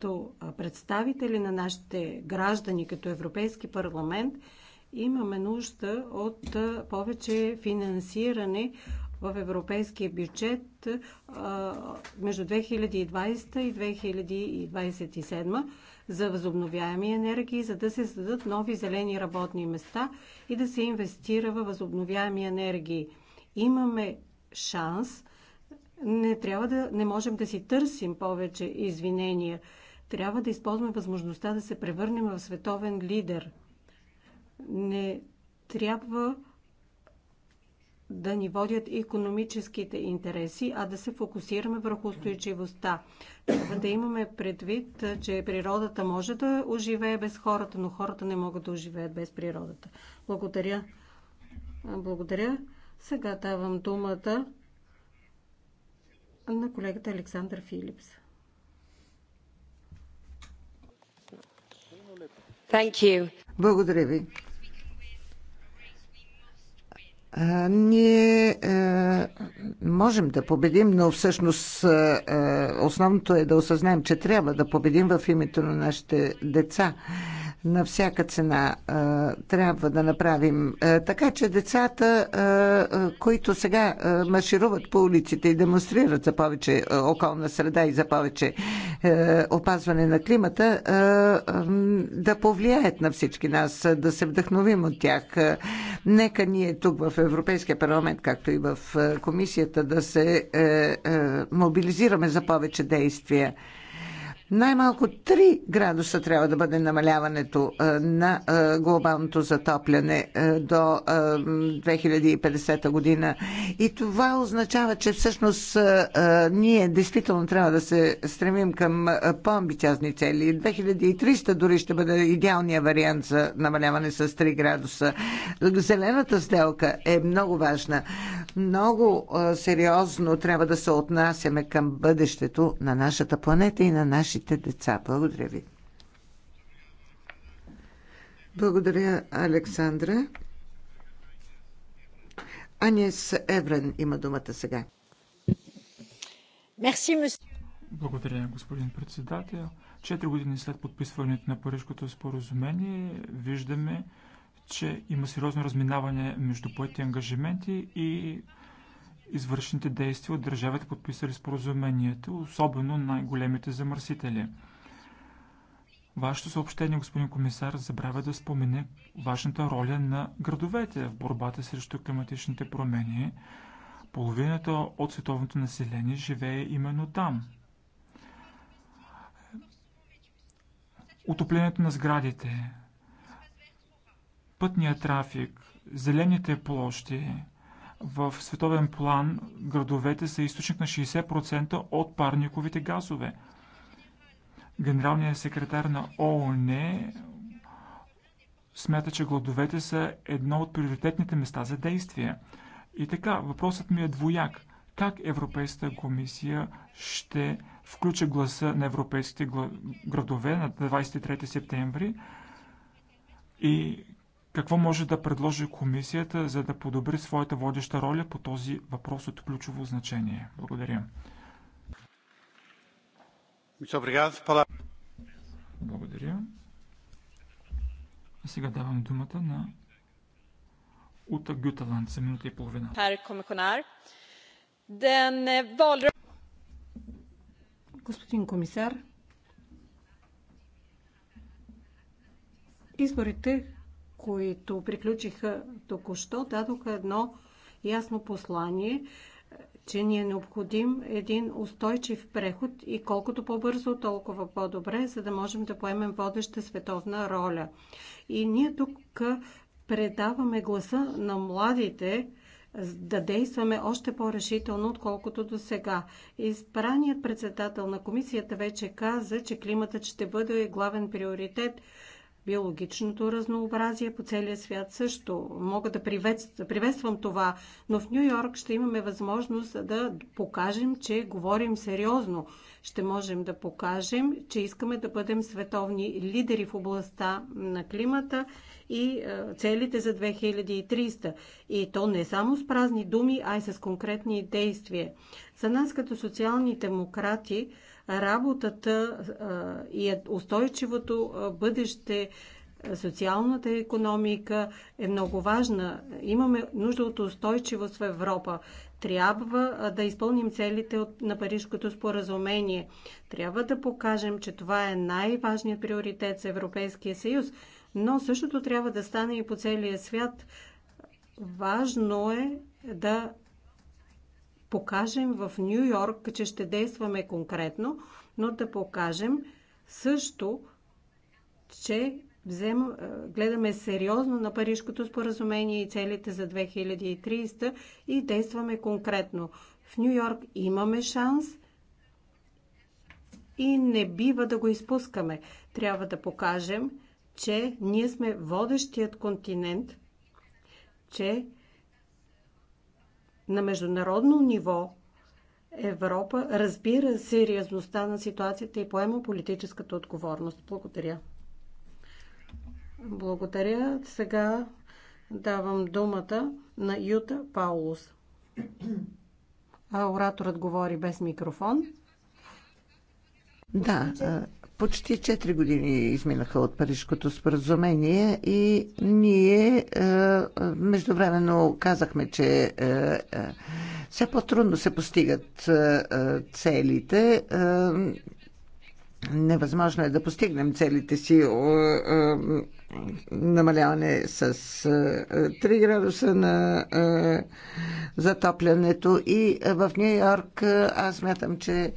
като представители на нашите граждани, като Европейски парламент, имаме нужда от повече финансиране в европейския бюджет между 2020 и 2027 за възобновяеми енергии, за да се създадат нови зелени работни места и да се инвестира във възобновяеми енергии. Имаме шанс. Не трябва да не можем да си търсим повече извинения. Трябва да използваме възможността да се превърнем в световен лидер. Не трябва да ни водят економическите интереси, а да се фокусираме върху устойчивостта. Трябва да имаме предвид, че природата може да оживее без хората, но хората не могат да оживеят без природата. Благодаря. Благодаря. Сега давам думата на колегата Александър Филипс. Благодаря ви. ние можем да победим, но всъщност основното е да осъзнаем, че трябва да победим в името на нашите деца на всяка цена трябва да направим така, че децата, които сега маршируват по улиците и демонстрират за повече околна среда и за повече опазване на климата, да повлияят на всички нас, да се вдъхновим от тях. Нека ние тук в Европейския парламент, както и в комисията, да се е, е, мобилизираме за повече действия. Най-малко 3 градуса трябва да бъде намаляването на глобалното затопляне до 2050 година. И това означава, че всъщност ние действително трябва да се стремим към по-амбициозни цели. 2300 дори ще бъде идеалният вариант за намаляване с 3 градуса. Зелената сделка е много важна. Много сериозно трябва да се отнасяме към бъдещето на нашата планета и на нашите нашите деца. Благодаря ви. Благодаря, Александра. Анис Еврен има думата сега. Благодаря, господин председател. Четири години след подписването на Парижското споразумение виждаме, че има сериозно разминаване между поети ангажименти и извършените действия от държавите, подписали споразуменията, особено най-големите замърсители. Вашето съобщение, господин комисар, забравя да спомене важната роля на градовете в борбата срещу климатичните промени. Половината от световното население живее именно там. Отоплението на сградите, пътния трафик, зелените площи, в световен план градовете са източник на 60% от парниковите газове. Генералният секретар на ООН смята, че градовете са едно от приоритетните места за действие. И така, въпросът ми е двояк. Как Европейската комисия ще включи гласа на европейските градове на 23 септември и какво може да предложи комисията, за да подобри своята водеща роля по този въпрос от ключово значение? Благодаря. Благодаря. А сега давам думата на Ута Гюталанд за минута и половина. Eh, Господин комисар, изборите които приключиха току-що, дадоха едно ясно послание, че ни е необходим един устойчив преход и колкото по-бързо, толкова по-добре, за да можем да поемем водеща световна роля. И ние тук предаваме гласа на младите, да действаме още по-решително, отколкото до сега. Избраният председател на комисията вече каза, че климатът ще бъде главен приоритет биологичното разнообразие по целия свят също. Мога да приветствам това, но в Нью Йорк ще имаме възможност да покажем, че говорим сериозно. Ще можем да покажем, че искаме да бъдем световни лидери в областта на климата и е, целите за 2300. И то не само с празни думи, а и с конкретни действия. За нас като социални демократи, работата и е устойчивото бъдеще, социалната економика е много важна. Имаме нужда от устойчивост в Европа. Трябва да изпълним целите на парижското споразумение. Трябва да покажем, че това е най-важният приоритет за Европейския съюз, но същото трябва да стане и по целия свят. Важно е да покажем в Нью Йорк, че ще действаме конкретно, но да покажем също, че взем, гледаме сериозно на Парижкото споразумение и целите за 2030 и действаме конкретно. В Нью Йорк имаме шанс и не бива да го изпускаме. Трябва да покажем, че ние сме водещият континент, че на международно ниво Европа разбира сериозността на ситуацията и поема политическата отговорност. Благодаря. Благодаря. Сега давам думата на Юта Паулус. А ораторът говори без микрофон. Да, почти 4 години изминаха от Парижското споразумение и ние е, е, междувременно казахме, че е, е, все по-трудно се постигат е, е, целите. Е, невъзможно е да постигнем целите си. Е, е, намаляване с 3 е, градуса на затоплянето и в Нью Йорк аз мятам, че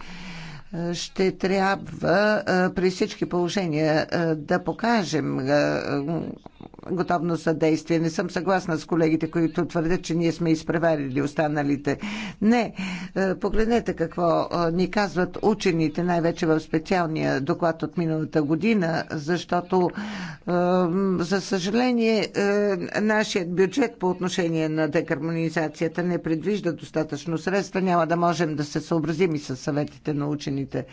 ще трябва при всички положения да покажем готовност за действие. Не съм съгласна с колегите, които твърдят, че ние сме изпреварили останалите. Не. Е, погледнете какво е, ни казват учените, най-вече в специалния доклад от миналата година, защото, е, за съжаление, нашият бюджет по отношение на декармонизацията не предвижда достатъчно средства. Няма да можем да се съобразим и с съветите на учените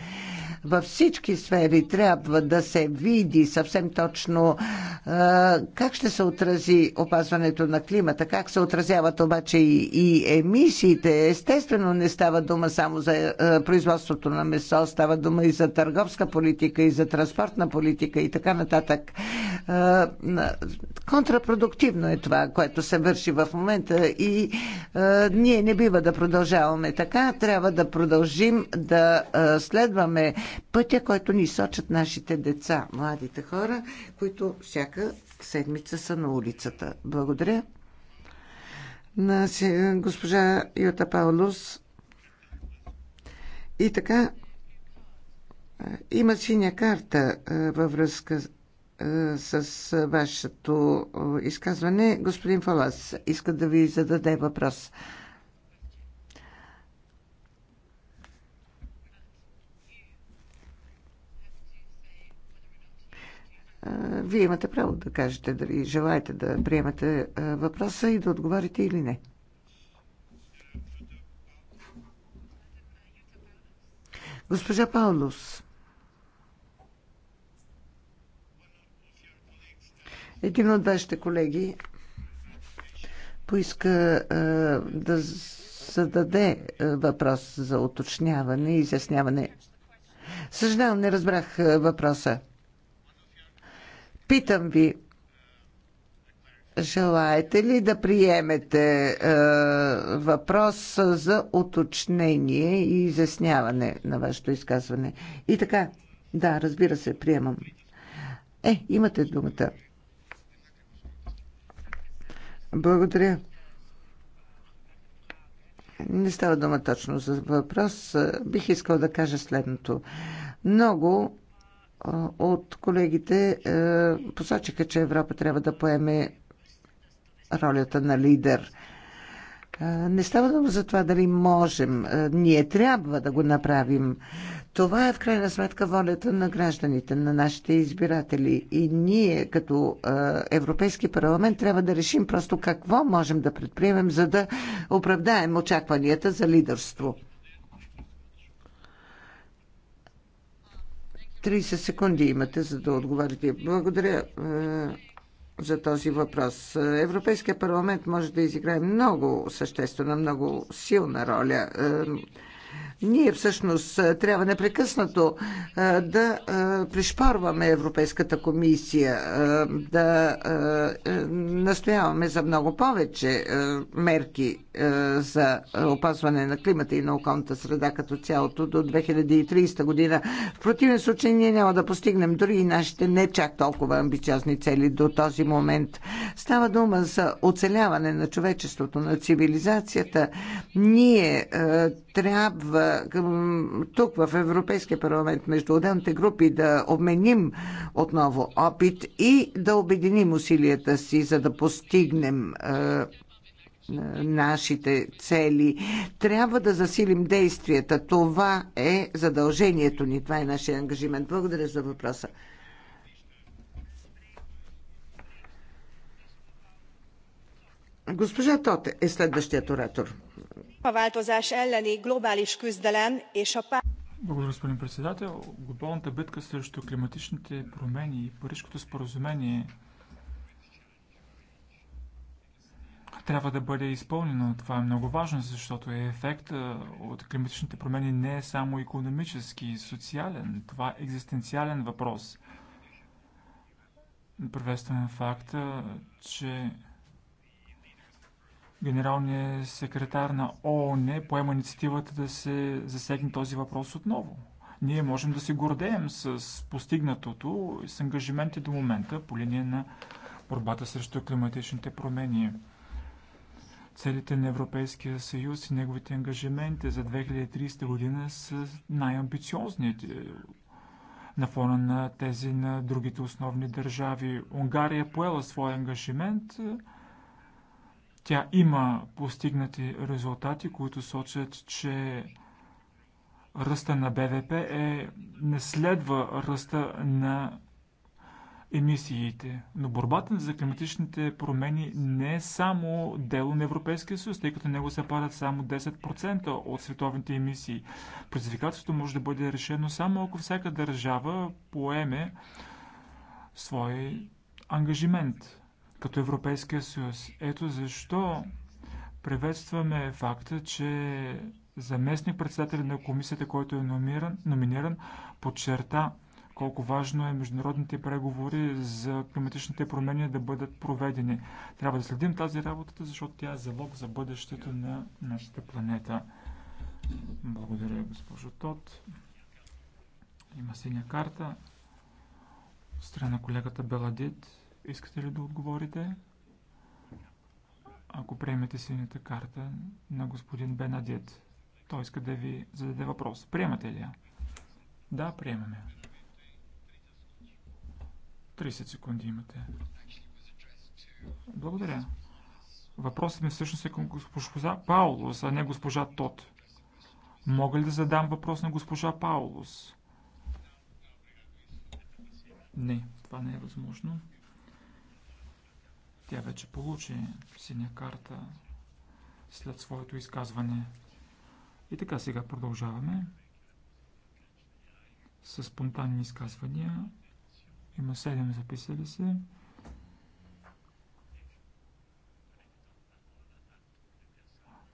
във всички сфери трябва да се види съвсем точно как ще се отрази опазването на климата, как се отразяват обаче и, и емисиите. Естествено не става дума само за производството на месо, става дума и за търговска политика, и за транспортна политика и така нататък. Контрапродуктивно е това, което се върши в момента и ние не бива да продължаваме така. Трябва да продължим да следваме пътя, който ни сочат нашите деца, младите хора, които всяка седмица са на улицата. Благодаря. На госпожа Юта Паулус. И така, е, има синя карта е, във връзка е, с вашето изказване. Господин Фалас иска да ви зададе въпрос. Вие имате право да кажете дали желаете да приемате въпроса и да отговорите или не. Госпожа Паулус. Един от вашите колеги поиска а, да зададе въпрос за уточняване и изясняване. Съжалявам, не разбрах въпроса. Питам ви, желаете ли да приемете е, въпрос за уточнение и изясняване на вашето изказване? И така, да, разбира се, приемам. Е, имате думата. Благодаря. Не става дума точно за въпрос. Бих искал да кажа следното. Много от колегите е, посочиха, че Европа трябва да поеме ролята на лидер. Е, не става дума за това дали можем. Е, ние трябва да го направим. Това е в крайна сметка волята на гражданите, на нашите избиратели. И ние, като Европейски парламент, трябва да решим просто какво можем да предприемем, за да оправдаем очакванията за лидерство. 30 секунди имате, за да отговорите. Благодаря е, за този въпрос. Европейския парламент може да изиграе много съществена, много силна роля. Е, ние всъщност трябва непрекъснато да пришпорваме Европейската комисия, да е, настояваме за много повече мерки за опазване на климата и на околната среда като цялото до 2030 година. В противен случай ние няма да постигнем дори и нашите не чак толкова амбициозни цели до този момент. Става дума за оцеляване на човечеството, на цивилизацията. Ние трябва в, тук в Европейския парламент между отделните групи да обменим отново опит и да обединим усилията си, за да постигнем нашите цели. Трябва да засилим действията. Това е задължението ни. Това е нашия ангажимент. Благодаря за въпроса. Госпожа Тоте е следващият оратор климавáltozás elleni globális küzdelem és a Благодаря, господин председател. Глобалната битка срещу климатичните промени и Парижското споразумение трябва да бъде изпълнено. Това е много важно, защото е ефектът от климатичните промени не е само економически и социален. Това е екзистенциален въпрос. Приветствам факта, че Генералният секретар на ООН поема инициативата да се засегне този въпрос отново. Ние можем да се гордеем с постигнатото и с ангажименти до момента по линия на борбата срещу климатичните промени. Целите на Европейския съюз и неговите ангажименти за 2030 година са най-амбициозните на фона на тези на другите основни държави. Унгария е поела своя ангажимент е, – тя има постигнати резултати, които сочат, че ръста на БВП е, не следва ръста на емисиите. Но борбата за климатичните промени не е само дело на Европейския съюз, тъй като него се падат само 10% от световните емисии. Предизвикателството може да бъде решено само ако всяка държава поеме свой ангажимент като Европейския съюз. Ето защо приветстваме факта, че заместник председател на комисията, който е номиран, номиниран, подчерта колко важно е международните преговори за климатичните промени да бъдат проведени. Трябва да следим тази работа, защото тя е залог за бъдещето на нашата планета. Благодаря, госпожо Тот. Има синя карта. Страна колегата Беладит. Искате ли да отговорите? Ако приемете синята карта на господин Бенадет, той иска да ви зададе въпрос. Приемате ли я? Да, приемаме. 30 секунди имате. Благодаря. Въпросът ми всъщност е към госпожа Паулос, а не госпожа Тот. Мога ли да задам въпрос на госпожа Паулос? Не, това не е възможно. Тя вече получи синя карта след своето изказване. И така сега продължаваме с спонтанни изказвания. Има 7 записали се.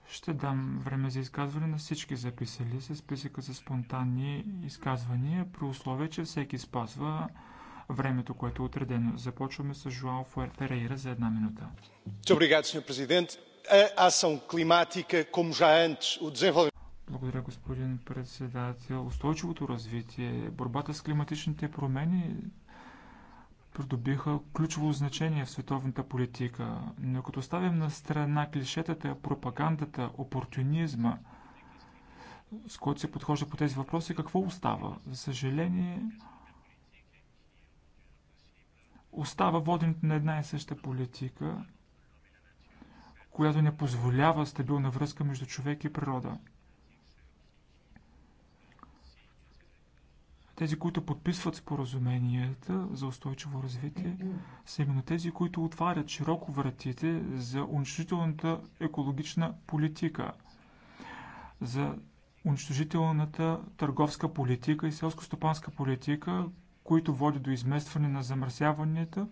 Ще дам време за изказване на всички записали се списъка за спонтанни изказвания, при условие, че всеки спазва времето, което е отредено. Започваме с Жуал Фуер Перейра за една минута. Благодаря, господин председател. Устойчивото развитие, борбата с климатичните промени придобиха ключово значение в световната политика. Но като ставим на страна клишетата, пропагандата, опортунизма, с който се подхожда по тези въпроси, какво остава? За съжаление, остава воденето на една и съща политика, която не позволява стабилна връзка между човек и природа. Тези, които подписват споразуменията за устойчиво развитие, са именно тези, които отварят широко вратите за унищожителната екологична политика, за унищожителната търговска политика и селско-стопанска политика, които води до изместване на замърсяванията,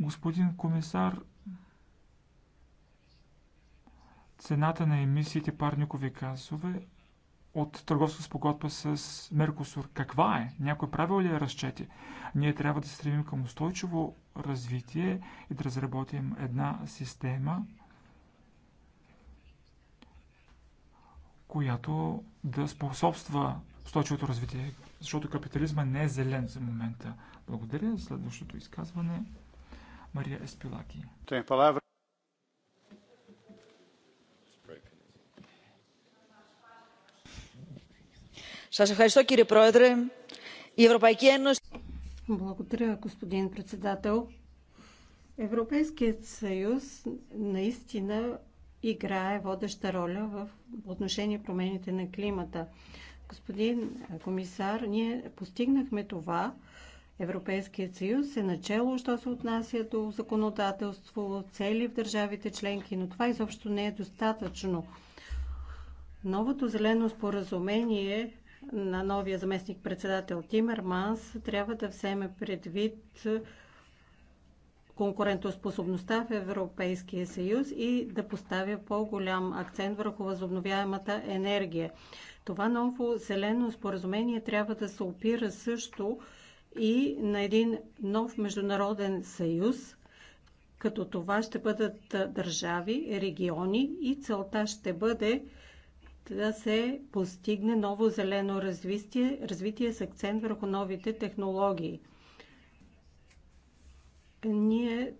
Господин комисар, цената на емисиите парникови газове от търговска спогодба с Меркосур. Каква е? Някой правил ли е разчети? Ние трябва да стремим към устойчиво развитие и да разработим една система – която да способства устойчивото развитие, защото капитализма не е зелен за момента. Благодаря. Следващото изказване Мария Еспилаки. Благодаря, господин председател. Европейският съюз наистина играе водеща роля в отношение промените на климата. Господин комисар, ние постигнахме това. Европейският съюз е начало, що се отнася до законодателство, цели в държавите членки, но това изобщо не е достатъчно. Новото зелено споразумение на новия заместник председател Тимерманс трябва да вземе предвид конкурентоспособността в Европейския съюз и да поставя по-голям акцент върху възобновяемата енергия. Това ново зелено споразумение трябва да се опира също и на един нов международен съюз, като това ще бъдат държави, региони и целта ще бъде да се постигне ново зелено развитие, развитие с акцент върху новите технологии – ние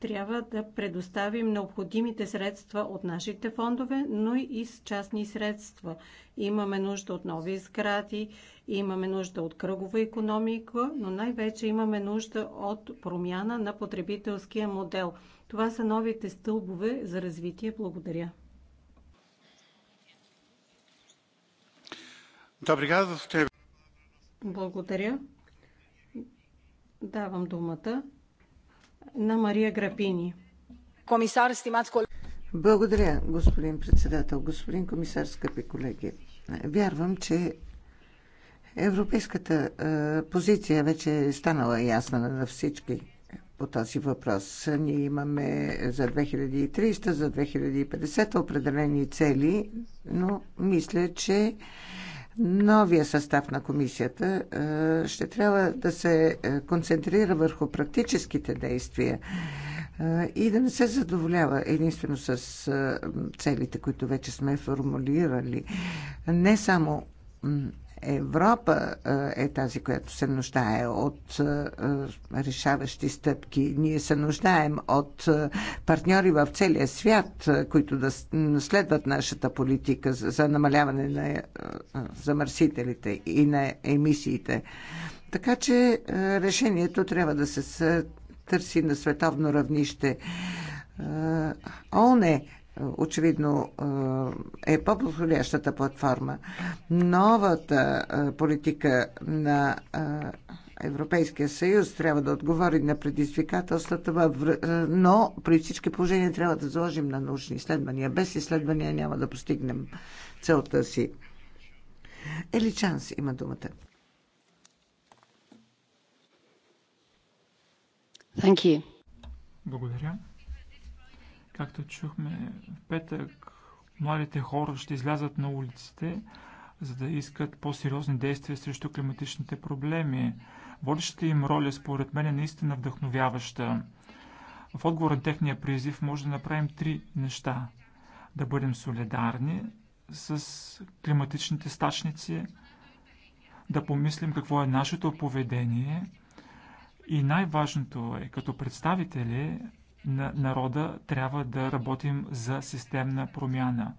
трябва да предоставим необходимите средства от нашите фондове, но и с частни средства. Имаме нужда от нови сгради, имаме нужда от кръгова економика, но най-вече имаме нужда от промяна на потребителския модел. Това са новите стълбове за развитие. Благодаря. Благодаря. Давам думата на Мария Грапини. Комисар, стимат колеги. Благодаря, господин председател, господин комисар, скъпи колеги. Вярвам, че европейската позиция вече е станала ясна на всички по този въпрос. Ние имаме за 2300, за 2050 определени цели, но мисля, че новия състав на комисията е, ще трябва да се е, концентрира върху практическите действия е, и да не се задоволява единствено с целите, които вече сме формулирали. Не само Европа е тази, която се нуждае от решаващи стъпки. Ние се нуждаем от партньори в целия свят, които да следват нашата политика за намаляване на замърсителите и на емисиите. Така че решението трябва да се търси на световно равнище. ООН е очевидно е по-подходящата платформа. Новата политика на Европейския съюз трябва да отговори на предизвикателствата, но при всички положения трябва да заложим на научни изследвания. Без изследвания няма да постигнем целта си. Ели Чанс има думата. Thank you. Благодаря. Както чухме в петък, младите хора ще излязат на улиците, за да искат по-сериозни действия срещу климатичните проблеми. Водещата им роля, според мен, е наистина вдъхновяваща. В отговор на техния призив може да направим три неща. Да бъдем солидарни с климатичните стачници, да помислим какво е нашето поведение и най-важното е като представители на народа, трябва да работим за системна промяна.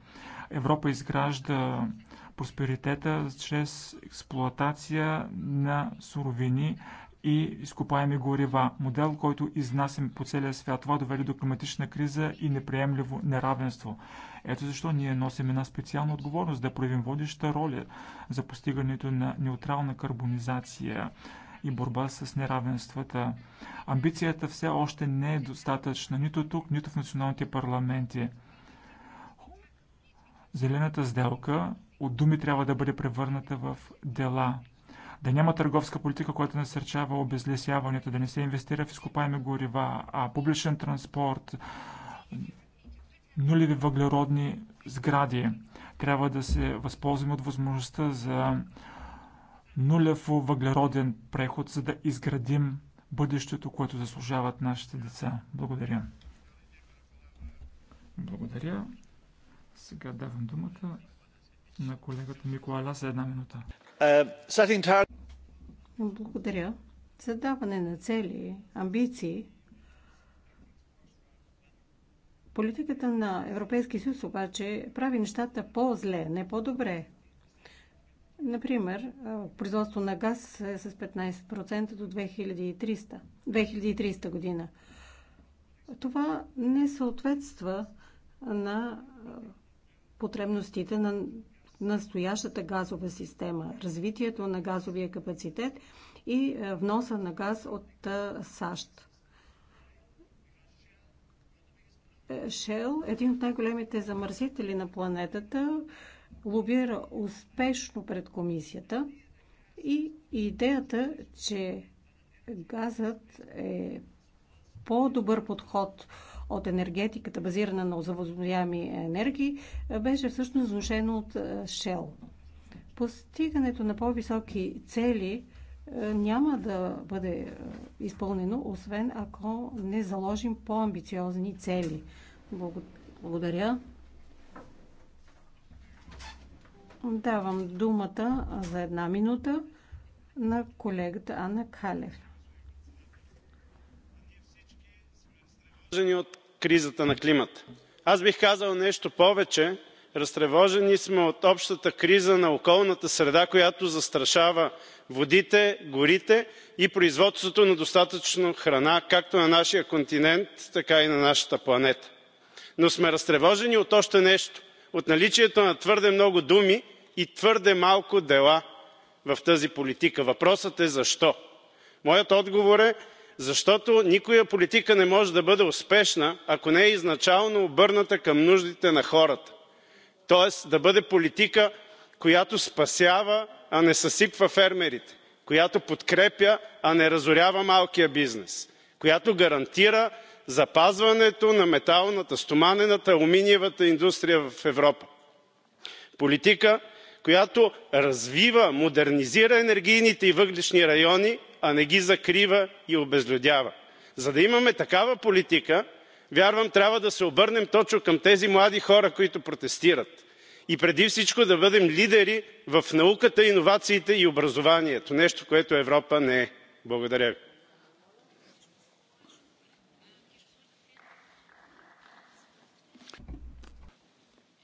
Европа изгражда просперитета чрез експлоатация на суровини и изкопаеми горива. Модел, който изнасяме по целия свят. Това доведе до климатична криза и неприемливо неравенство. Ето защо ние носим една специална отговорност да проявим водеща роля за постигането на неутрална карбонизация и борба с неравенствата. Амбицията все още не е достатъчна нито тук, нито в националните парламенти. Зелената сделка от думи трябва да бъде превърната в дела. Да няма търговска политика, която насърчава обезлесяването, да не се инвестира в изкопаеми горива, а публичен транспорт, нулеви въглеродни сгради. Трябва да се възползваме от възможността за нулево въглероден преход, за да изградим бъдещето, което заслужават нашите деца. Благодаря. Благодаря. Сега давам думата на колегата Микола за една минута. Благодаря. Задаване на цели, амбиции. Политиката на Европейския съюз обаче прави нещата по-зле, не по-добре. Например, производство на газ е с 15% до 2300, 2300 година. Това не съответства на потребностите на настоящата газова система, развитието на газовия капацитет и вноса на газ от САЩ. Шел, един от най-големите замърсители на планетата, лобира успешно пред комисията и идеята, че газът е по-добър подход от енергетиката, базирана на възобновяеми енергии, беше всъщност внушено от Шел. Постигането на по-високи цели е, няма да бъде е, изпълнено, освен ако не заложим по-амбициозни цели. Благодаря. Давам думата за една минута на колегата Анна Калев. от кризата на климата. Аз бих казал нещо повече. Разтревожени сме от общата криза на околната среда, която застрашава водите, горите и производството на достатъчно храна както на нашия континент, така и на нашата планета. Но сме разтревожени от още нещо – от наличието на твърде много думи, и твърде малко дела в тази политика. въпросът е защо? моят отговор е защото никоя политика не може да бъде успешна ако не е изначално обърната към нуждите на хората тоест да бъде политика която спасява а не съсипва фермерите която подкрепя а не разорява малкия бизнес която гарантира запазването на металната стоманената алуминиевата индустрия в европа политика която развива модернизира енергийните и въглищни райони а не ги закрива и обезлюдява. за да имаме такава политика вярвам трябва да се обърнем точно към тези млади хора които протестират и преди всичко да бъдем лидери в науката иновациите и образованието нещо което европа не е. благодаря ви.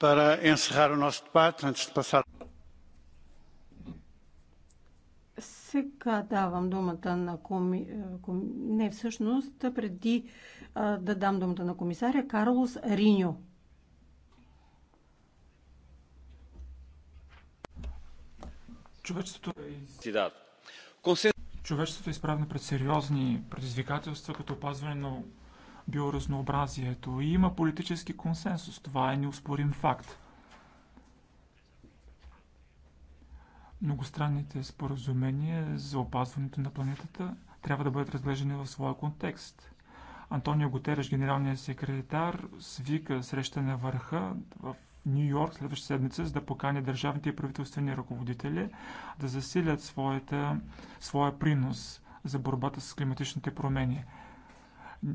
para encerrar o nosso debate antes de passar Сега давам думата на коми... Ком... Не, всъщност, преди а, да дам думата на комисаря, Карлос Риньо. Човечеството е... Човечеството е изправено пред сериозни предизвикателства, като опазване на биоразнообразието. И има политически консенсус. Това е неоспорим факт. многостранните споразумения за опазването на планетата трябва да бъдат разглеждани в своя контекст. Антонио Гутереш, генералният секретар, свика среща на върха в Нью Йорк следващата седмица, за да покани държавните и правителствени ръководители да засилят своята, своя принос за борбата с климатичните промени.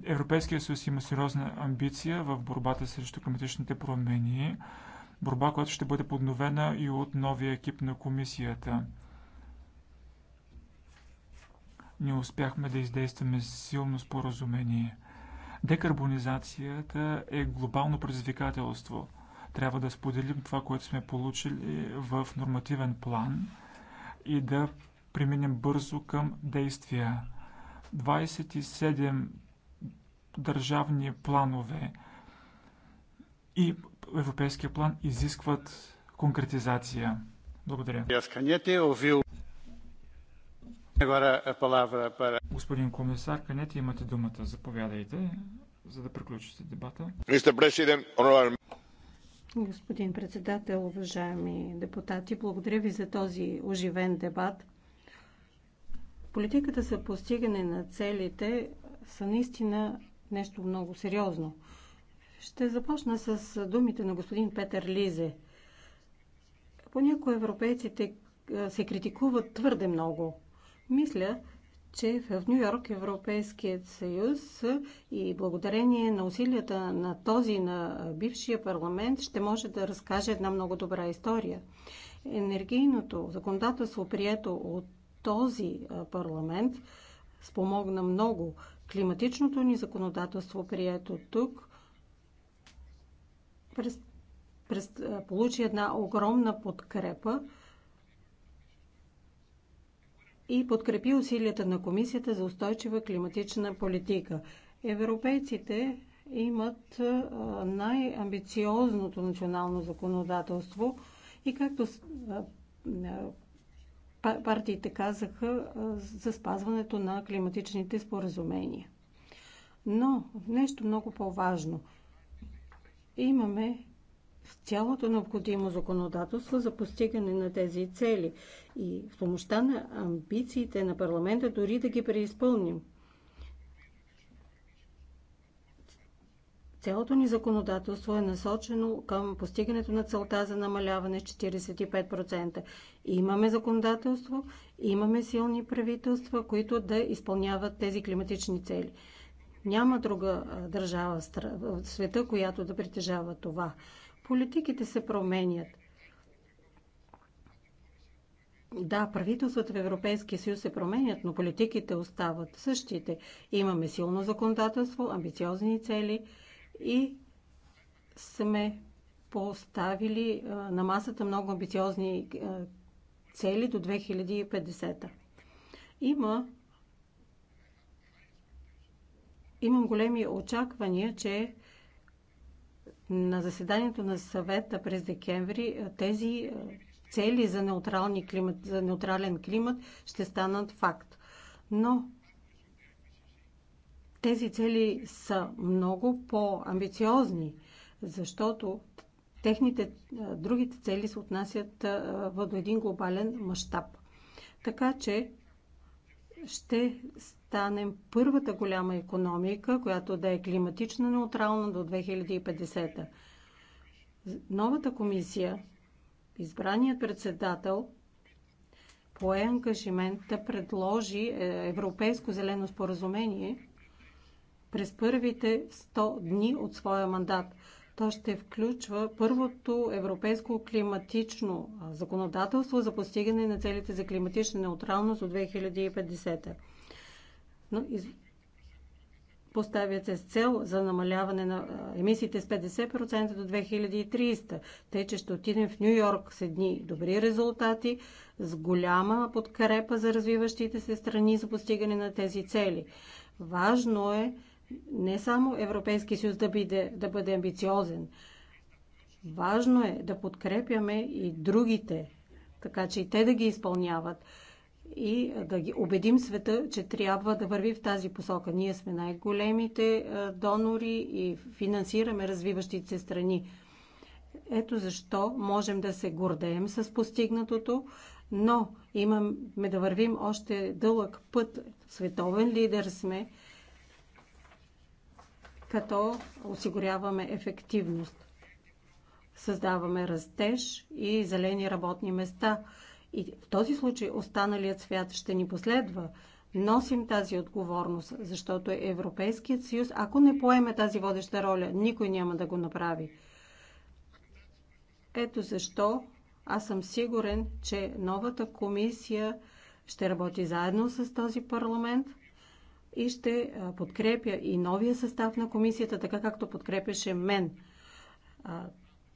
Европейския съюз има сериозна амбиция в борбата срещу климатичните промени борба, която ще бъде подновена и от новия екип на комисията. Не успяхме да издействаме силно споразумение. Декарбонизацията е глобално предизвикателство. Трябва да споделим това, което сме получили в нормативен план и да преминем бързо към действия. 27 държавни планове – и европейския план изискват конкретизация. Благодаря. Е, Господин комисар Канете, имате думата. Заповядайте, за да приключите дебата. Господин председател, уважаеми депутати, благодаря ви за този оживен дебат. Политиката за постигане на целите са наистина нещо много сериозно. Ще започна с думите на господин Петър Лизе. Понякога европейците се критикуват твърде много. Мисля, че в Нью Йорк Европейският съюз и благодарение на усилията на този на бившия парламент ще може да разкаже една много добра история. Енергийното законодателство, прието от този парламент, спомогна много. Климатичното ни законодателство, прието тук, през, през, получи една огромна подкрепа и подкрепи усилията на Комисията за устойчива климатична политика. Европейците имат най-амбициозното национално законодателство и както партиите казаха за спазването на климатичните споразумения. Но нещо много по-важно – имаме цялото необходимо законодателство за постигане на тези цели и в помощта на амбициите на парламента дори да ги преизпълним. Цялото ни законодателство е насочено към постигането на целта за намаляване 45%. Имаме законодателство, имаме силни правителства, които да изпълняват тези климатични цели. Няма друга държава в света, която да притежава това. Политиките се променят. Да, правителствата в Европейския съюз се променят, но политиките остават същите. Имаме силно законодателство, амбициозни цели и сме поставили на масата много амбициозни цели до 2050. Има имам големи очаквания, че на заседанието на съвета през декември тези цели за, неутрални климат, за неутрален климат ще станат факт. Но тези цели са много по-амбициозни, защото техните, другите цели се отнасят в един глобален мащаб. Така че ще станем първата голяма економика, която да е климатично неутрална до 2050. Новата комисия, избраният председател, пое ангажимент да предложи е, Европейско зелено споразумение през първите 100 дни от своя мандат. То ще включва първото европейско климатично законодателство за постигане на целите за климатична неутралност от 2050 но из... поставят се с цел за намаляване на емисиите с 50% до 2300. Тъй, че ще отидем в Нью Йорк с едни добри резултати, с голяма подкрепа за развиващите се страни за постигане на тези цели. Важно е не само Европейски съюз да да бъде амбициозен, важно е да подкрепяме и другите, така че и те да ги изпълняват и да ги убедим света, че трябва да върви в тази посока. Ние сме най-големите е, донори и финансираме развиващите страни. Ето защо можем да се гордеем с постигнатото, но имаме да вървим още дълъг път. Световен лидер сме, като осигуряваме ефективност. Създаваме растеж и зелени работни места – и в този случай останалият свят ще ни последва. Носим тази отговорност, защото Европейският съюз, ако не поеме тази водеща роля, никой няма да го направи. Ето защо аз съм сигурен, че новата комисия ще работи заедно с този парламент и ще подкрепя и новия състав на комисията, така както подкрепяше мен.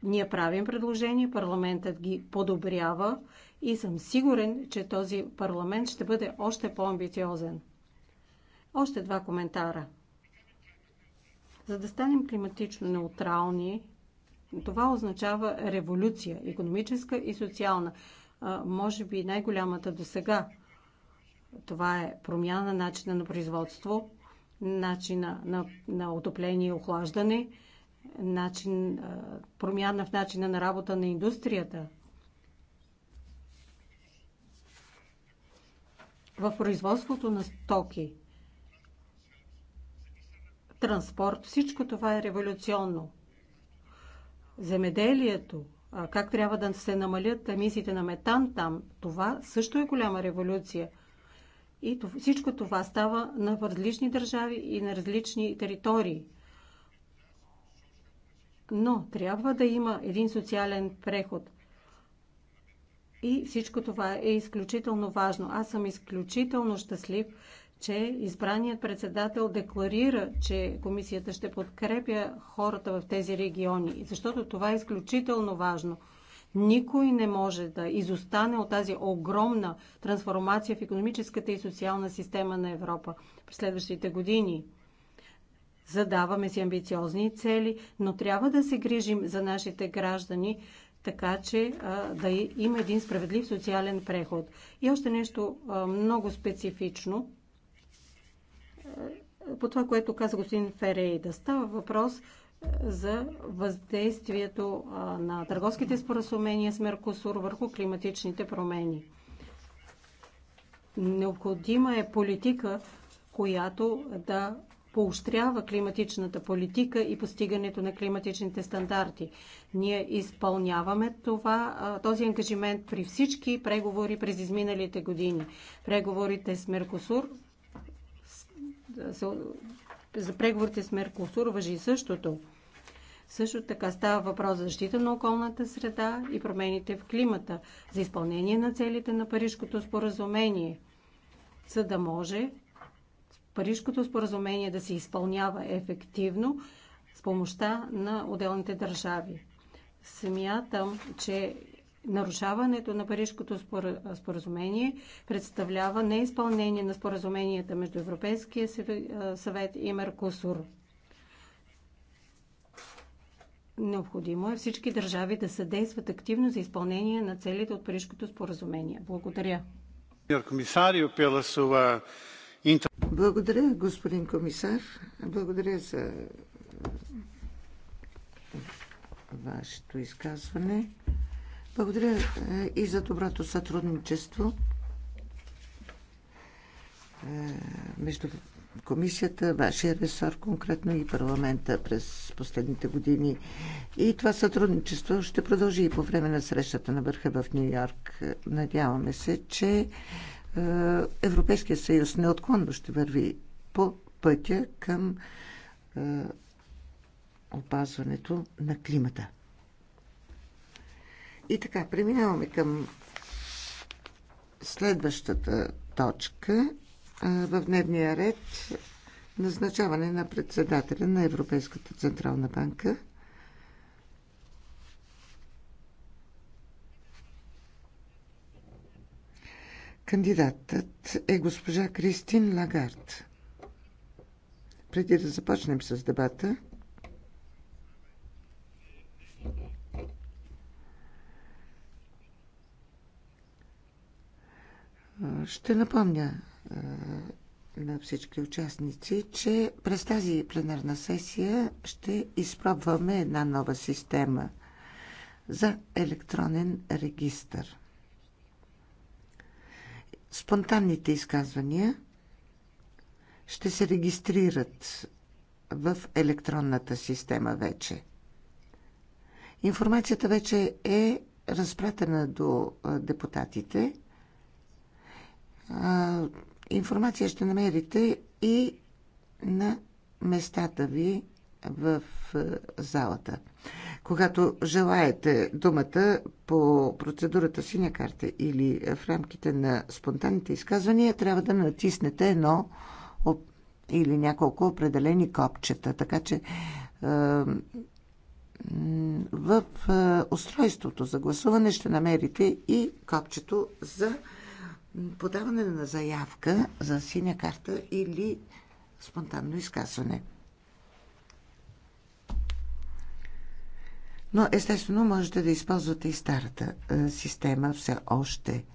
Ние правим предложения, парламентът ги подобрява и съм сигурен, че този парламент ще бъде още по-амбициозен. Още два коментара. За да станем климатично неутрални, това означава революция, економическа и социална. Може би най-голямата до сега. Това е промяна на начина на производство, начина на, на отопление и охлаждане – начин, промяна в начина на работа на индустрията. В производството на стоки, транспорт, всичко това е революционно. Земеделието, как трябва да се намалят емисиите на метан там, това също е голяма революция. И всичко това става на различни държави и на различни територии – но трябва да има един социален преход. И всичко това е изключително важно. Аз съм изключително щастлив, че избраният председател декларира, че комисията ще подкрепя хората в тези региони, защото това е изключително важно. Никой не може да изостане от тази огромна трансформация в економическата и социална система на Европа през следващите години. Задаваме си амбициозни цели, но трябва да се грижим за нашите граждани, така че а, да има един справедлив социален преход. И още нещо а, много специфично по това, което каза господин Ферей, да става въпрос за въздействието на търговските споразумения с Меркосур върху климатичните промени. Необходима е политика, която да поощрява климатичната политика и постигането на климатичните стандарти. Ние изпълняваме това, този ангажимент при всички преговори през изминалите години. Преговорите с Меркосур за преговорите с Меркосур въжи същото. Също така става въпрос за защита на околната среда и промените в климата, за изпълнение на целите на Парижското споразумение, за да може Парижкото споразумение да се изпълнява ефективно с помощта на отделните държави. Смятам, че нарушаването на Парижкото споразумение представлява неизпълнение на споразуменията между Европейския съвет и Меркосур. Необходимо е всички държави да съдействат активно за изпълнение на целите от Парижкото споразумение. Благодаря. Благодаря, господин комисар. Благодаря за вашето изказване. Благодаря е, и за доброто сътрудничество е, между комисията, вашия ресор конкретно и парламента през последните години. И това сътрудничество ще продължи и по време на срещата на върха в Нью Йорк. Надяваме се, че е, Европейския съюз неотклонно ще върви по пътя към е, опазването на климата. И така, преминаваме към следващата точка е, в дневния ред назначаване на председателя на Европейската Централна банка. Кандидатът е госпожа Кристин Лагард. Преди да започнем с дебата, ще напомня на всички участници, че през тази пленарна сесия ще изпробваме една нова система за електронен регистър. Спонтанните изказвания ще се регистрират в електронната система вече. Информацията вече е разпратена до депутатите. Информация ще намерите и на местата ви в залата. Когато желаете думата по процедурата синя карта или в рамките на спонтанните изказвания, трябва да натиснете едно или няколко определени копчета. Така че в е, устройството за гласуване ще намерите и копчето за подаване на заявка за синя карта или спонтанно изказване. Но естествено можете да използвате и старата е, система все още.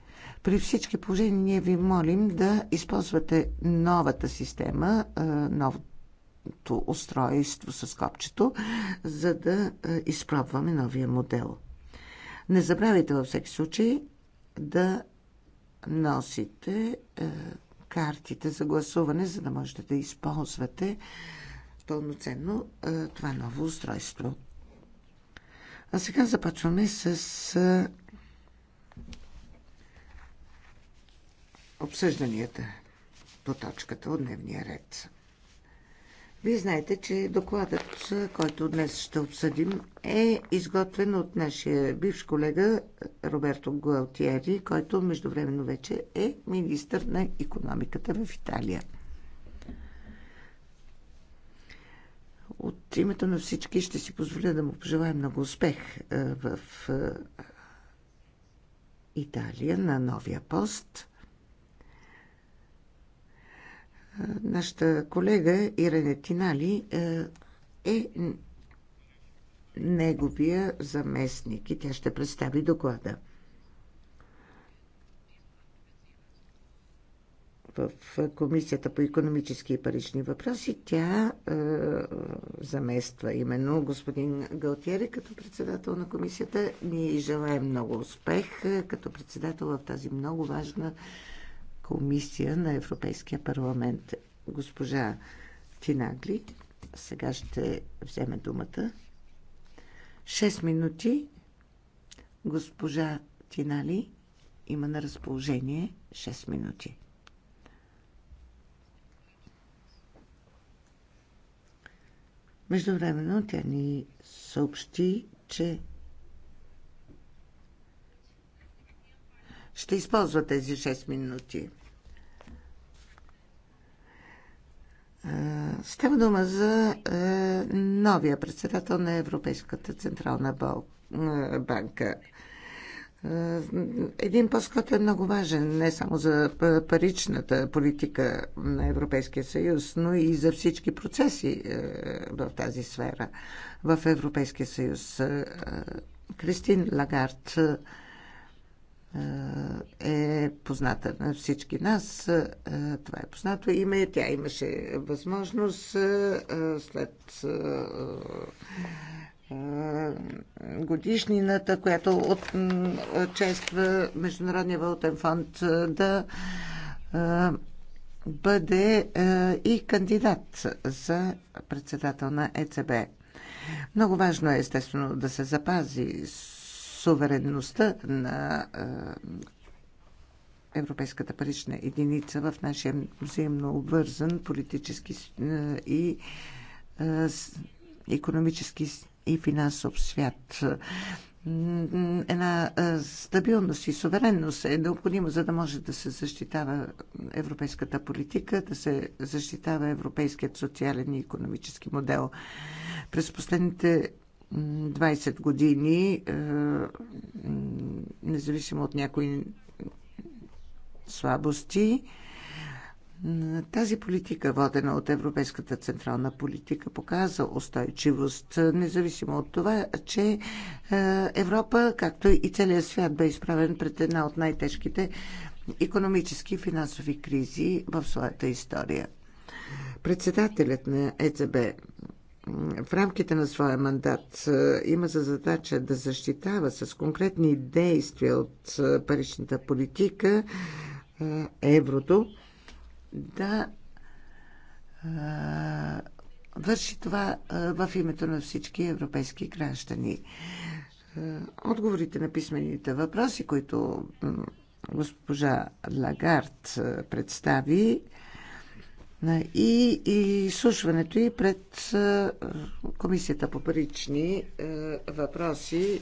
При всички положения ние ви молим да използвате новата система, е, новото устройство с копчето, за да е, изпробваме новия модел. Не забравяйте във всеки случай да носите картите за гласуване, за да можете да използвате пълноценно това ново устройство. А сега започваме с обсъжданията по точката от дневния ред. Вие знаете, че докладът, който днес ще обсъдим, е изготвен от нашия бивш колега Роберто Гуалтиери, който междувременно вече е министър на економиката в Италия. От името на всички ще си позволя да му пожелая много успех е, в е, Италия на новия пост. Е, нашата колега Ирене Тинали е неговия заместник и тя ще представи доклада. в Комисията по економически и парични въпроси. Тя е, замества именно господин Галтиери като председател на комисията. Ние желаем много успех е, като председател в тази много важна комисия на Европейския парламент. Госпожа Тинагли сега ще вземе думата. 6 минути госпожа Тинали има на разположение 6 минути. Междувременно тя ни съобщи, че ще използва тези 6 минути. Става дума за новия председател на Европейската централна банка. Е, един който е много важен не само за паричната политика на Европейския съюз, но и за всички процеси е, в тази сфера в Европейския съюз. Е, Кристин Лагард е позната на всички нас. Това е познато име. Тя имаше възможност след годишнината, която от, чества Международния валутен фонд да бъде и кандидат за председател на ЕЦБ. Много важно е, естествено, да се запази суверенността на Европейската парична единица в нашия взаимно обвързан политически и економически и финансов свят. Една стабилност и суверенност е необходима, за да може да се защитава европейската политика, да се защитава европейският социален и економически модел. През последните 20 години, независимо от някои слабости, тази политика, водена от Европейската централна политика, показа устойчивост, независимо от това, че е, Европа, както и целият свят, бе изправен пред една от най-тежките економически и финансови кризи в своята история. Председателят на ЕЦБ в рамките на своя мандат е, има за задача да защитава с конкретни действия от е, паричната политика еврото да а, върши това а, в името на всички европейски граждани. отговорите на писмените въпроси, които госпожа Лагард представи, и изслушването и пред Комисията по парични въпроси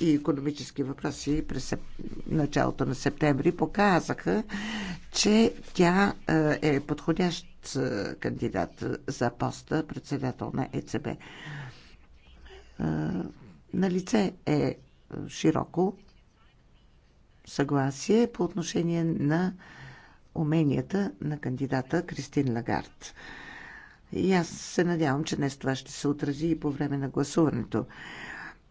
и економически въпроси през началото на септември показаха, че тя е подходящ кандидат за поста председател на ЕЦБ. На лице е широко съгласие по отношение на уменията на кандидата Кристин Лагард. И аз се надявам, че днес това ще се отрази и по време на гласуването.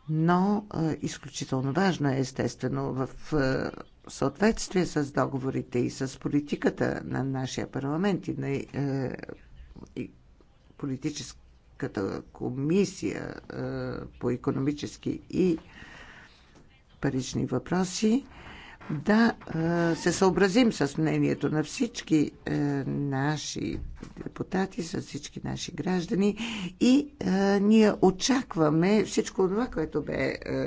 Но а, е, изключително важно е, естествено, в а, е, съответствие с договорите и с политиката на нашия парламент и на е, и политическата комисия е, по економически и парични въпроси, да се съобразим с мнението на всички е, наши депутати, с всички наши граждани и е, ние очакваме всичко това, което бе е,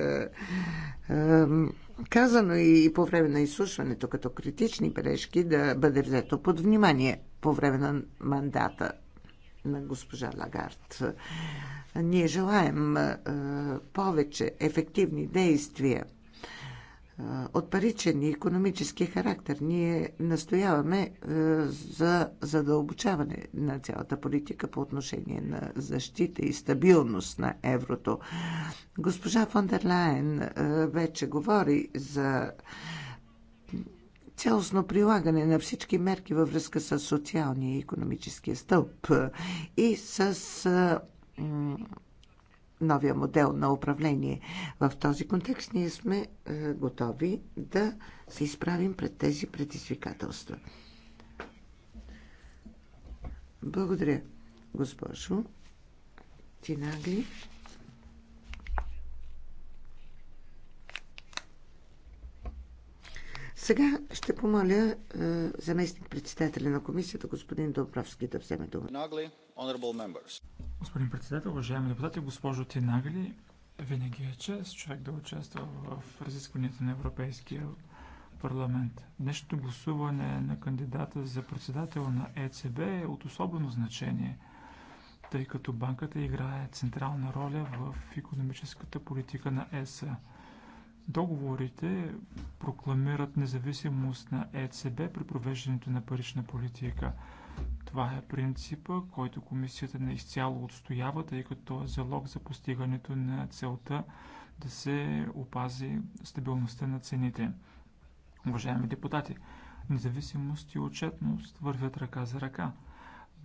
казано и по време на изслушването като критични бележки да бъде взето под внимание по време на мандата на госпожа Лагард. Ние желаем повече ефективни действия от паричен и економически характер. Ние настояваме за задълбочаване на цялата политика по отношение на защита и стабилност на еврото. Госпожа фон дер Лайен вече говори за цялостно прилагане на всички мерки във връзка с социалния и економическия стълб и с новия модел на управление. В този контекст ние сме е, готови да се изправим пред тези предизвикателства. Благодаря, госпожо Тинагли. Сега ще помоля е, заместник председателя на комисията, господин Добровски, да вземе дума. Господин председател, уважаеми депутати, госпожо Тинагли, винаги е чест човек да участва в разискванията на Европейския парламент. Днешното гласуване на кандидата за председател на ЕЦБ е от особено значение, тъй като банката играе централна роля в економическата политика на ЕСА. Договорите прокламират независимост на ЕЦБ при провеждането на парична политика. Това е принципа, който комисията не изцяло отстоява, тъй като е залог за постигането на целта да се опази стабилността на цените. Уважаеми депутати, независимост и отчетност вървят ръка за ръка –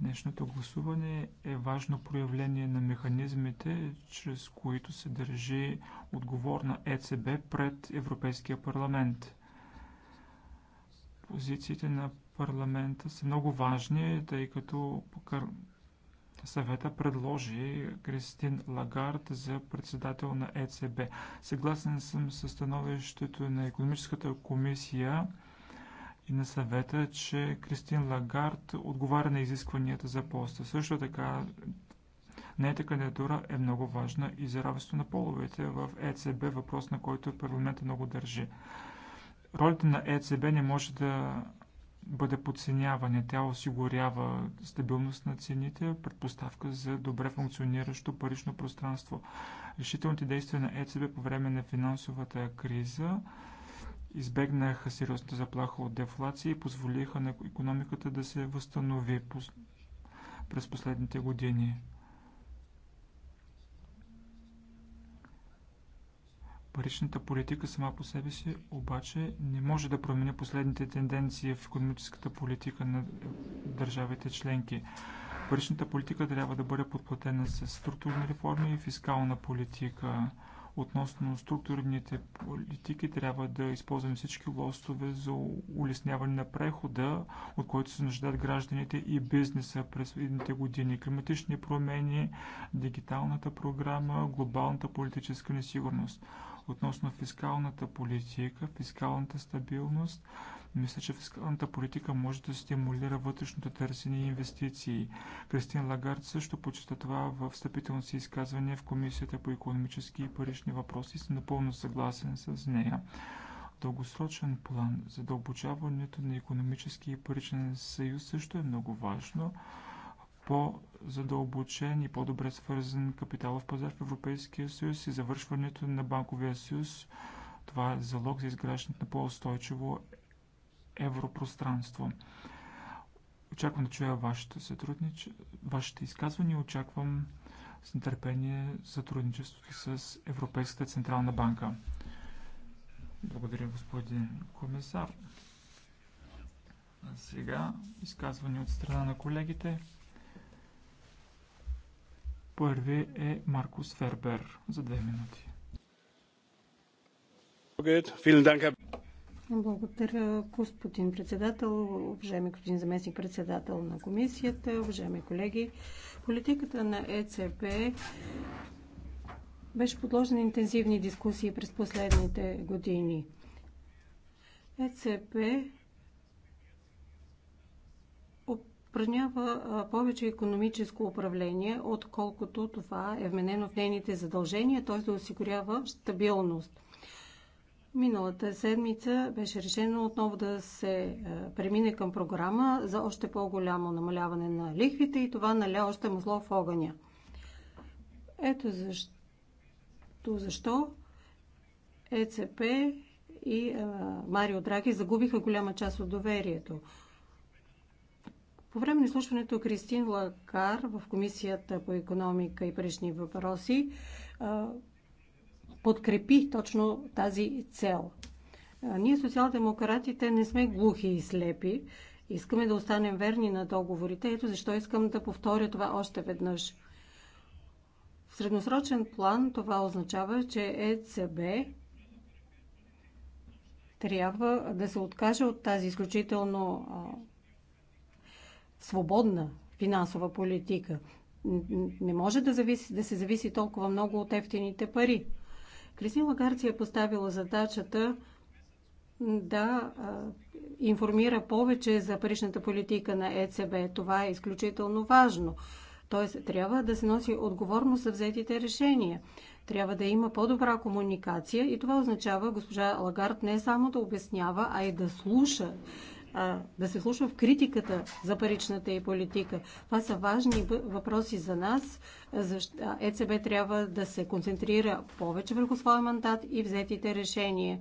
Днешното гласуване е важно проявление на механизмите, чрез които се държи отговорна ЕЦБ пред Европейския парламент. Позициите на парламента са много важни, тъй като съвета предложи Кристин Лагард за председател на ЕЦБ. Съгласен съм с становището на економическата комисия, и на съвета, че Кристин Лагард отговаря на изискванията за поста. Също така, нейната кандидатура е много важна и за равенство на половете в ЕЦБ, въпрос на който парламентът много държи. Ролята на ЕЦБ не може да бъде подценяване. Тя осигурява стабилност на цените, предпоставка за добре функциониращо парично пространство. Решителните действия на ЕЦБ по време на финансовата криза избегнаха сериозната заплаха от дефлация и позволиха на економиката да се възстанови през последните години. Паричната политика сама по себе си обаче не може да промени последните тенденции в економическата политика на държавите членки. Паричната политика трябва да бъде подплатена с структурни реформи и фискална политика. Относно структурните политики трябва да използваме всички лостове за улесняване на прехода, от който се нуждаят гражданите и бизнеса през следните години. Климатични промени, дигиталната програма, глобалната политическа несигурност – относно фискалната политика, фискалната стабилност. Мисля, че фискалната политика може да стимулира вътрешното търсене и инвестиции. Кристин Лагард също почита това в встъпително си изказване в Комисията по економически и парични въпроси. Съм напълно съгласен с нея. Дългосрочен план за дълбочаването на економически и паричен съюз също е много важно по-задълбочен и по-добре свързан капиталов пазар в Европейския съюз и завършването на банковия съюз. Това е залог за изграждането на по-устойчиво европространство. Очаквам да чуя сътруднич... вашите изказвания и очаквам с нетърпение сътрудничеството с Европейската Централна банка. Благодаря, господин комисар. А сега изказване от страна на колегите. Първи е Маркус Фербер за две минути. Благодаря, господин председател, уважаеми господин заместник председател на комисията, уважаеми колеги. Политиката на ЕЦП беше подложена интензивни дискусии през последните години. ЕЦП упражнява повече економическо управление, отколкото това е вменено в нейните задължения, т.е. да осигурява стабилност. Миналата седмица беше решено отново да се премине към програма за още по-голямо намаляване на лихвите и това наля още масло в огъня. Ето защо, защо ЕЦП и Марио Драги загубиха голяма част от доверието. По време на изслушването Кристин Лакар в Комисията по економика и парични въпроси подкрепи точно тази цел. Ние, социал-демократите, не сме глухи и слепи. Искаме да останем верни на договорите. Ето защо искам да повторя това още веднъж. В средносрочен план това означава, че ЕЦБ трябва да се откаже от тази изключително свободна финансова политика. Не може да, зависи, да се зависи толкова много от ефтините пари. Кристина Лагард е поставила задачата да информира повече за паричната политика на ЕЦБ. Това е изключително важно. Тоест, трябва да се носи отговорност за взетите решения. Трябва да има по-добра комуникация и това означава госпожа Лагард не само да обяснява, а и да слуша а, да се слуша в критиката за паричната и политика. Това са важни въпроси за нас. Защо ЕЦБ трябва да се концентрира повече върху своя мандат и взетите решения.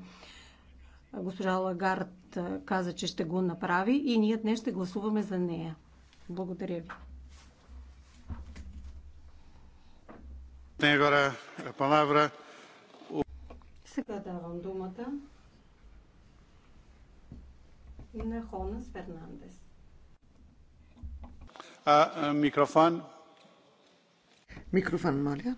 Госпожа Лагард каза, че ще го направи и ние днес ще гласуваме за нея. Благодаря ви. Сега давам думата на Хонас Фернандес. А, микрофон. Микрофон, моля.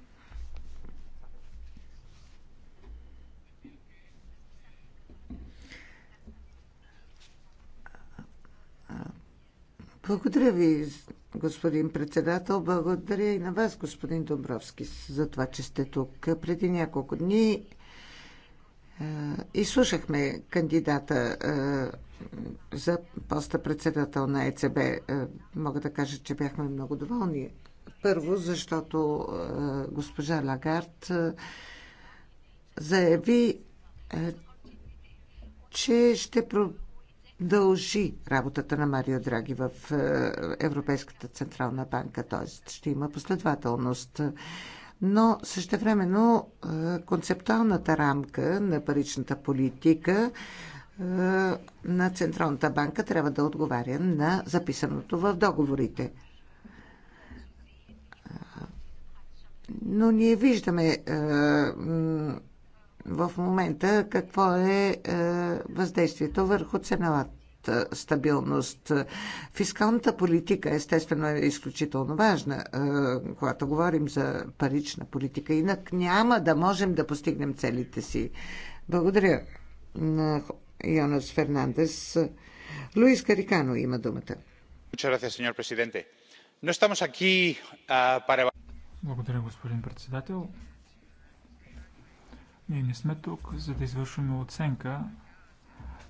Благодаря ви, господин председател. Благодаря и на вас, господин Добровски, за това, че сте тук. Преди няколко дни изслушахме кандидата за поста председател на ЕЦБ. Е, мога да кажа, че бяхме много доволни. Първо, защото е, госпожа Лагард е, заяви, че ще продължи работата на Марио Драги в Европейската централна банка, т.е. ще има последователност но същевременно концептуалната рамка на паричната политика е, на Централната банка трябва да отговаря на записаното в договорите. Е, но ние виждаме е, в момента какво е въздействието върху ценовата стабилност. Фискалната политика, естествено, е изключително важна, когато говорим за парична политика. Инак няма да можем да постигнем целите си. Благодаря на Йонас Фернандес. Луис Карикано има думата. Благодаря, господин председател. Ние не сме тук, за да извършваме оценка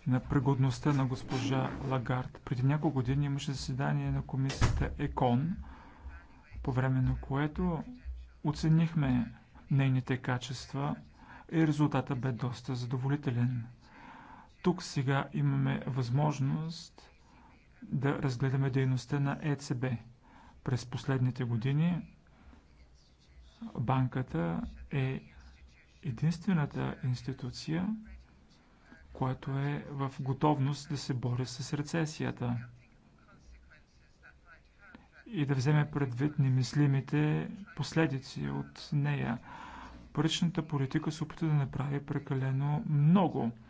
на пригодността на госпожа Лагард. Преди няколко години имаше заседание на комисията ЕКОН, по време на което оценихме нейните качества и резултата бе доста задоволителен. Тук сега имаме възможност да разгледаме дейността на ЕЦБ. През последните години банката е единствената институция, която е в готовност да се бори с рецесията и да вземе предвид немислимите последици от нея. Паричната политика се опита да направи прекалено много –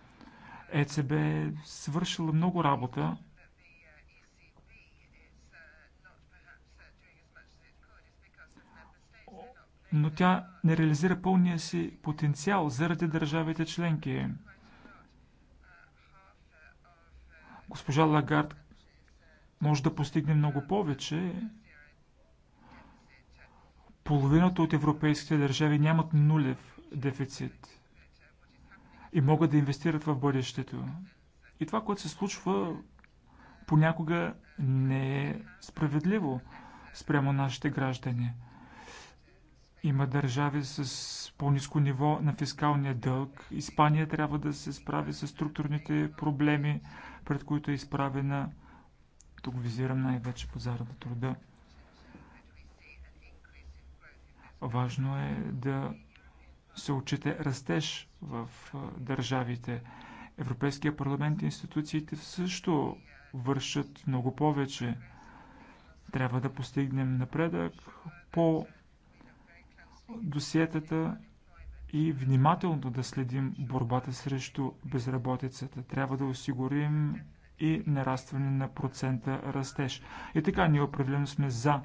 ЕЦБ е свършила много работа. Но тя не реализира пълния си потенциал заради държавите членки. Госпожа Лагард може да постигне много повече. Половината от европейските държави нямат нулев дефицит и могат да инвестират в бъдещето. И това, което се случва, понякога не е справедливо спрямо нашите граждани. Има държави с по-низко ниво на фискалния дълг. Испания трябва да се справи с структурните проблеми, пред които е изправена. Тук визирам най-вече пазара на труда. Важно е да се отчете растеж в държавите. Европейския парламент и институциите също вършат много повече. Трябва да постигнем напредък по досиетата и внимателно да следим борбата срещу безработицата. Трябва да осигурим и нарастване на процента растеж. И така, ние определено сме за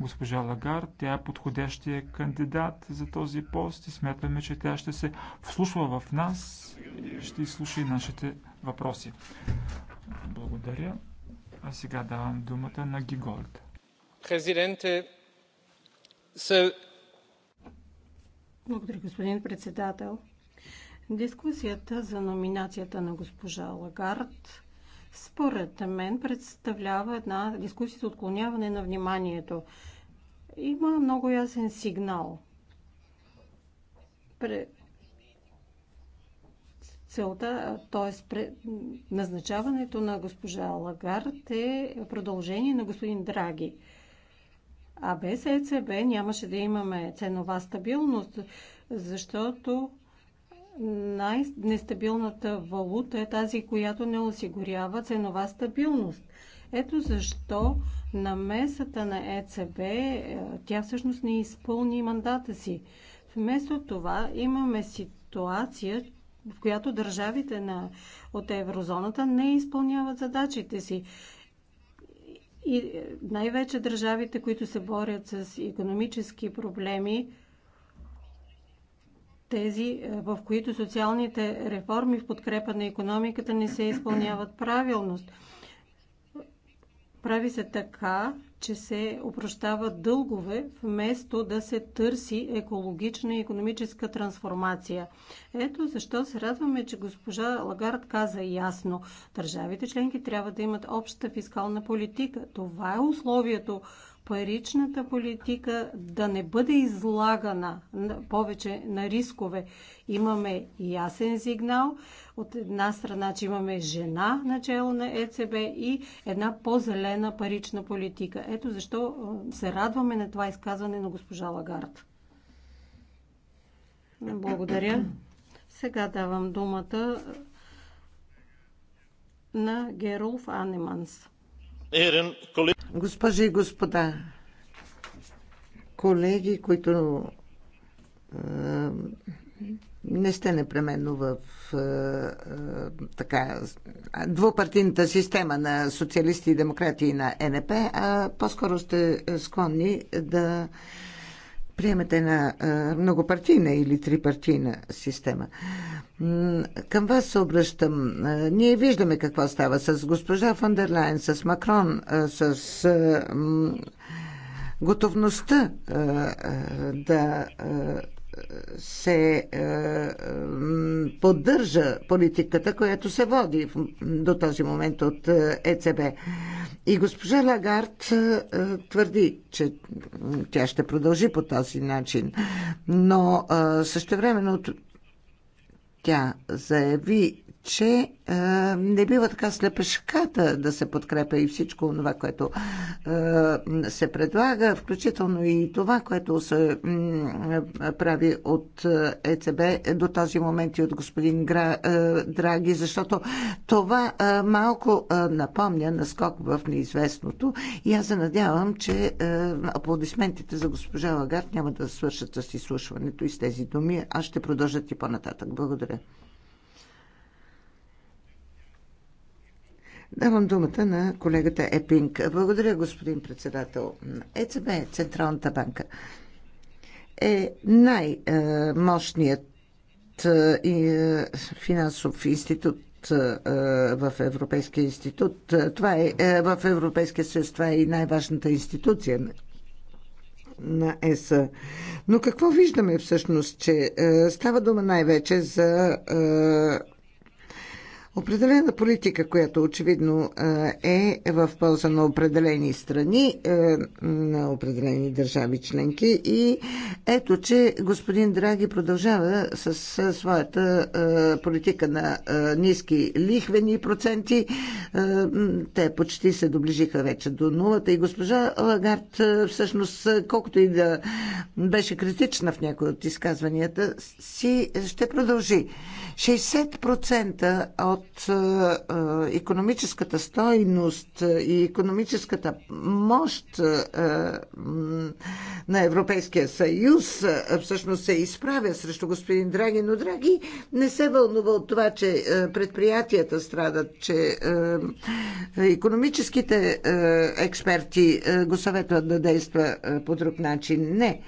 госпожа Лагар. Тя е подходящия кандидат за този пост и смятаме, че тя ще се вслушва в нас и ще изслуша и нашите въпроси. Благодаря. А сега давам думата на Гиголд. Президенте, се... Благодаря, господин председател. Дискусията за номинацията на госпожа Лагард според мен представлява една дискусия за отклоняване на вниманието. Има много ясен сигнал. Пре... Целта, т.е. Пре... назначаването на госпожа Лагард е продължение на господин Драги. А без ЕЦБ нямаше да имаме ценова стабилност, защото най-нестабилната валута е тази, която не осигурява ценова стабилност. Ето защо намесата на ЕЦБ, е е, тя всъщност не изпълни мандата си. Вместо това имаме ситуация, в която държавите на, от еврозоната не изпълняват задачите си. И е, най-вече държавите, които се борят с економически проблеми, тези, е, в които социалните реформи в подкрепа на економиката не се изпълняват правилност. Прави се така, че се опрощават дългове, вместо да се търси екологична и економическа трансформация. Ето защо се радваме, че госпожа Лагард каза ясно. Държавите членки трябва да имат обща фискална политика. Това е условието, паричната политика да не бъде излагана повече на рискове. Имаме ясен сигнал от една страна, че имаме жена начало на ЕЦБ и една по-зелена парична политика. Ето защо се радваме на това изказване на госпожа Лагард. Благодаря. Сега давам думата на Герулф Анеманс. Ерен, колега. Госпожи и господа, колеги, които е, не сте непременно в е, е, така двупартийната система на социалисти и демократи и на НП, а по-скоро сте склонни да е, приемат една многопартийна или трипартийна система. Към вас се обръщам. Ние виждаме какво става с госпожа Фандерлайн, с Макрон, с готовността да се е, поддържа политиката, която се води до този момент от е, ЕЦБ. И госпожа Лагард е, твърди, че тя ще продължи по този начин. Но времено тя заяви, че а, е, не бива така слепешката да се подкрепя и всичко това, което а, е, се предлага, включително и това, което се а, прави от ЕЦБ е до този момент и от господин Гра, а, Драги, защото това а, малко а, напомня на скок в неизвестното и аз се надявам, че а, аплодисментите за госпожа Лагард няма да свършат с изслушването и с тези думи, а ще продължат и по-нататък. Благодаря. Давам думата на колегата Епинг. Благодаря, господин председател. ЕЦБ, Централната банка, е най-мощният е, е, финансов институт е, в Европейския институт. Това е, в Европейския съюз това е и най-важната институция на ЕС. Но какво виждаме всъщност, че става дума най-вече за определена политика, която очевидно е в полза на определени страни, на определени държави членки. И ето, че господин Драги продължава с своята политика на ниски лихвени проценти. Те почти се доближиха вече до нулата. И госпожа Лагард, всъщност, колкото и да беше критична в някои от изказванията, си ще продължи. 60% от от економическата е, стойност и економическата мощ е, на Европейския съюз е, всъщност се изправя срещу господин Драги, но Драги не се вълнува от това, че предприятията страдат, че економическите експерти го съветват да действа по друг начин. Не.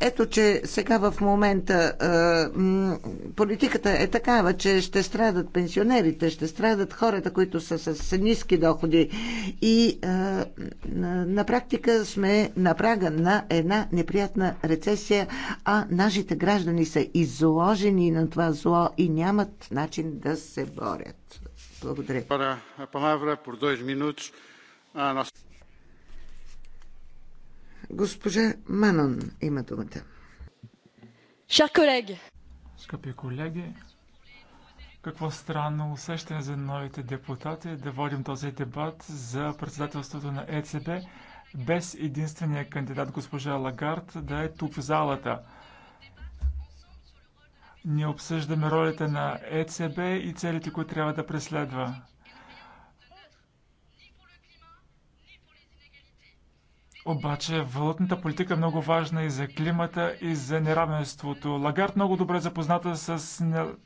Ето, че сега в момента политиката е такава, че ще страдат пенсионерите, ще страдат хората, които са с ниски доходи. И на практика сме на прага на една неприятна рецесия, а нашите граждани са изложени на това зло и нямат начин да се борят. Благодаря. Госпожа Манон има думата. Шар колеги! Скъпи колеги, какво странно усещане за новите депутати да водим този дебат за председателството на ЕЦБ без единствения кандидат госпожа Лагард да е тук в залата. Ние обсъждаме ролята на ЕЦБ и целите, които трябва да преследва. Обаче валутната политика е много важна и за климата, и за неравенството. Лагард много добре е запозната с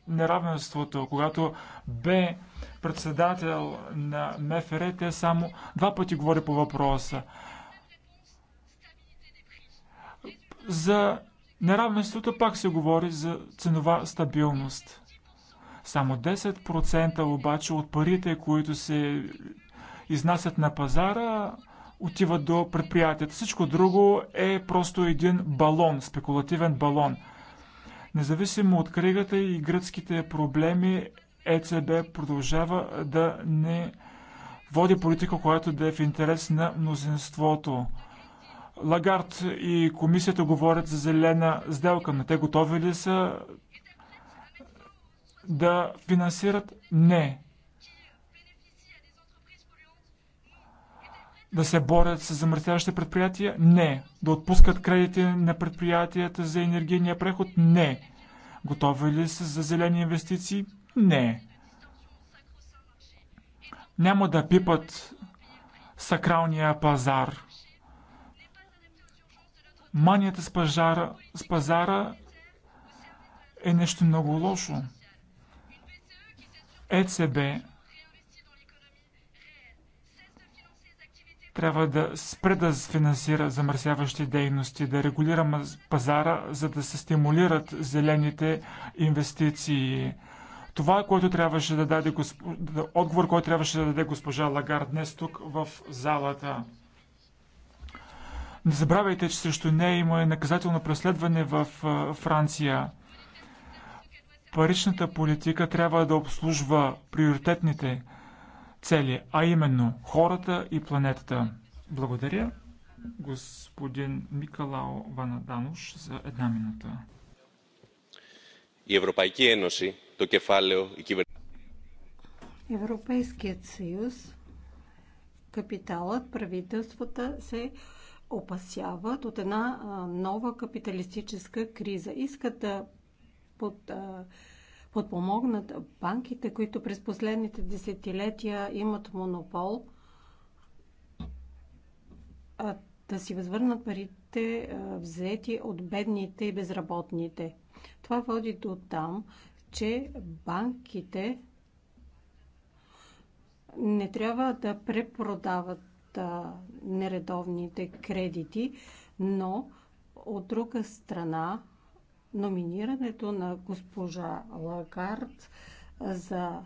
неравенството. Когато бе председател на МФР, те само два пъти говори по въпроса. За неравенството пак се говори за ценова стабилност. Само 10% обаче от парите, които се изнасят на пазара, отива до предприятията. Всичко друго е просто един балон, спекулативен балон. Независимо от кригата и гръцките проблеми, ЕЦБ продължава да не води политика, която да е в интерес на мнозинството. Лагард и комисията говорят за зелена сделка, но те готови ли са да финансират? Не. да се борят с замърсяващите предприятия? Не. Да отпускат кредити на предприятията за енергийния преход? Не. Готови ли са за зелени инвестиции? Не. Няма да пипат сакралния пазар. Манията с пазара, с пазара е нещо много лошо. ЕЦБ Трябва да спре да финансира замърсяващи дейности, да регулира пазара, за да се стимулират зелените инвестиции. Това е което трябваше да даде госп... отговор, който трябваше да даде госпожа Лагар днес тук в залата. Не забравяйте, че срещу нея има и наказателно преследване в Франция. Паричната политика трябва да обслужва приоритетните цели, а именно хората и планетата. Благодаря господин Микалао Ванадануш за една минута. Европейският съюз, капиталът, правителствата се опасяват от една нова капиталистическа криза. Искат да под, а, подпомогнат банките, които през последните десетилетия имат монопол, да си възвърнат парите взети от бедните и безработните. Това води до там, че банките не трябва да препродават нередовните кредити, но от друга страна номинирането на госпожа Лагард за,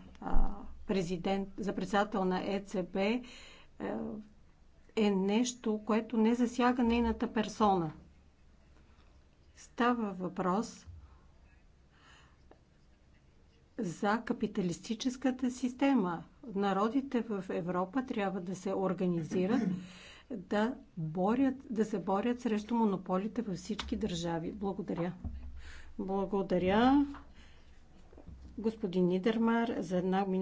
президент, за председател на ЕЦБ е, е нещо, което не засяга нейната персона. Става въпрос за капиталистическата система. Народите в Европа трябва да се организират, да, борят, да се борят срещу монополите във всички държави. Благодаря. Благодаря. Господин Нидермар, за една минута.